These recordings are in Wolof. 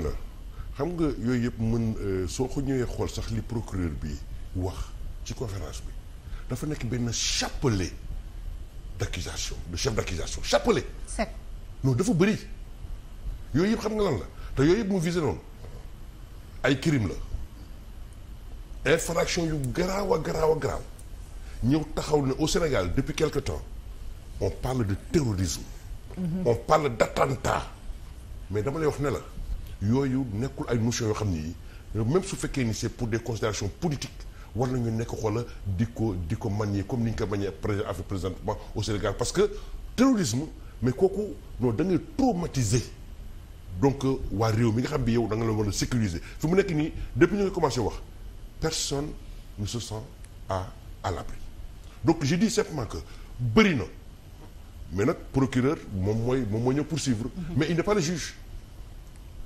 na xam nga yooyu yëpp mën euh, soo ko ñëwee xool sax li procureur bi wax ci conférence bi dafa nekk benn chapelet d'accusation de chef d'accusation chapelet. set non dafa bëri yooyu yëpp xam nga lan la te yooyu yëpp mu visé noonu ay crime la infraction yu garaaw a garaaw a garaaw ñëw taxaw ne au Sénégal depuis quelque temps on parle de terrorisme. Mm-hmm. on parle d'attentat mais dama lay wax ne la. yooyu nekkul ay notion yoo xam nii même su fekkee ni c'est pour des considérations politiques war nañu nekk xoola di ko di ko man manier comme ni ñu ko manier affaire présentement au Sénégal parce que terrorisme mais kooku non da ngay traumatiser donc euh, waa réew mi nga xam bi yow da nga la war a sécuriser fi mu nekk nii depuis ñu ngi commencé wax personne ne se sent à à l'abri donc je simplement que bëri na mais nag procureur moom mooy moom mooy ñëw poursuivre mhm. mais il n'est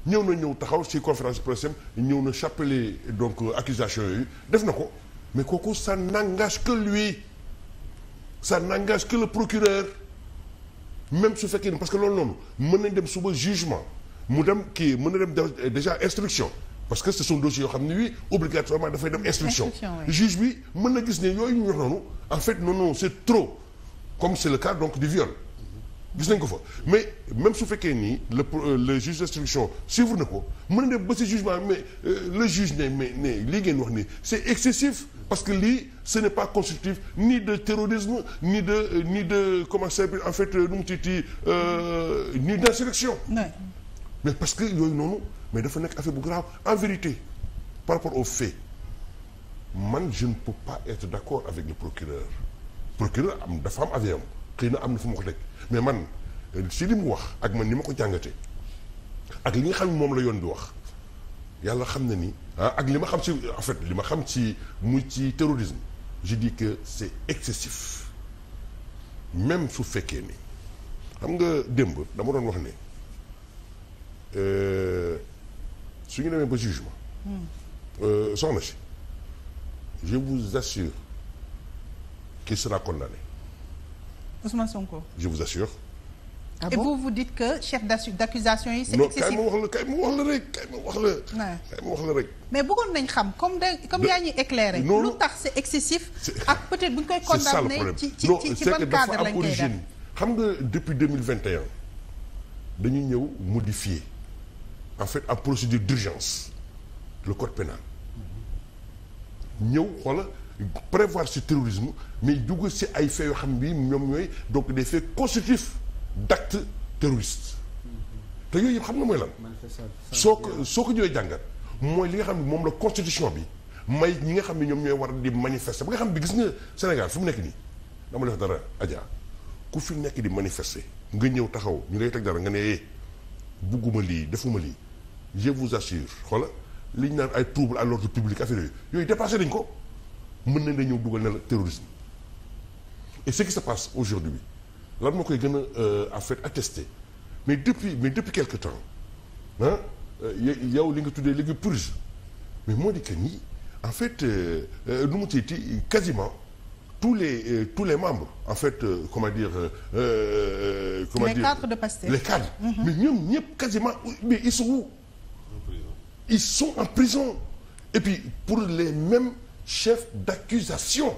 ñëw na ñëw taxaw ci conférence presse ñëw na chapeler donc accusation yooyu def na ko mais kooku ça n'engage que lui ça n'engage que le procureur même su fekkee ni parce que loolu noonu mën nañ dem suba jugement mu dem kii mën na dem déjà instruction parce que ce sont dossiers yoo xam ne oui obligatoirement dafay dem instruction juge bi mën na gis ne yooyu ñu wax noonu en fait non non c'est trop comme c'est le cas donc du viol gis nañ ko fa mais même su fekkee nii le euh, le juge d'instruction suivre na ko mën na def ba si jugement mais euh, le juge ne mais ne li ngeen wax nii c'est excessif parce que lii ce n'est pas constitutif ni de terrorisme ni de euh, ni de comment ça en fait nu mu tuuti ni d'insurrection mais parce que yooyu noonu mais dafa nekk affaire bu grave en vérité par rapport aux faits man je ne peux pas être d'accord avec le procureur procureur am dafa am avis am xëy na am na fu ma ko lekk mais man euh, si li mu wax ak man ni ma ko jàngate ak li nga xam moom la yoon bi wax yàlla xam na ni ah ak li ma xam si en fait li ma xam si muy ci terrorisme je dis que c'est excessif même su fekkee ni xam nga démb dama doon wax ne euh, su ñu demee ba jugement. Hmm. Euh, soxna si je vous assure qu'il sera condamné. Ousmane Sonko. je vous assure. Ah et bon? vous vous dites que chef d'accusation yi c'est excessif. kay ma wax la kay ma wax la rek kay ma wax la. mais bëggoon nañ xam comme de comme yaa ñuy éclairer. lu tax c'est excessif. ak peut-être bu ñu koy condamné ci ci ci ban cadre lañ koy def xam nga depuis deux mille vingt et un dañuy ñëw modifier en fait à procédure d'urgence le code ñëw xoola. prévoir ce terrorisme mais dugg si ay faits yoo xam ne bii ñoom ñooy donc des faits constitutifs d'actes terroristes te yooyu yëpp xam nga mooy lan. soo ko soo ko ñëwee jàngat. mooy li nga xam ne moom la constitution bi may ñi nga xam ne ñoom ñooy war di manifester ba nga xam ne gis nga Sénégal fu mu nekk nii dama def dara Adja ku fi nekk di manifester nga ñëw taxaw ñu lay teg dara nga ne eh, bugguma lii defuma lii je vous assure xoola li ñu naan ay trouble à l'ordre public affaire yooyu yooyu dépassé nañ ko. mën nañ la ñëw dugal na la terrorisme et ce qui se passe aujourd'hui lan moo koy gën a euh, en fait attesté mais depuis mais depuis quelque temps yow li nga tuddee léegi purge mais moo di nii en fait euh, euh, nu mu tiiti quasiment tous les tous les membres en fait comment dire. Euh, comment dire les cadres mm-hmm. mais ñoom ñëpp quasiment mais ils en prison et puis pour les mêmes. chef d'accusation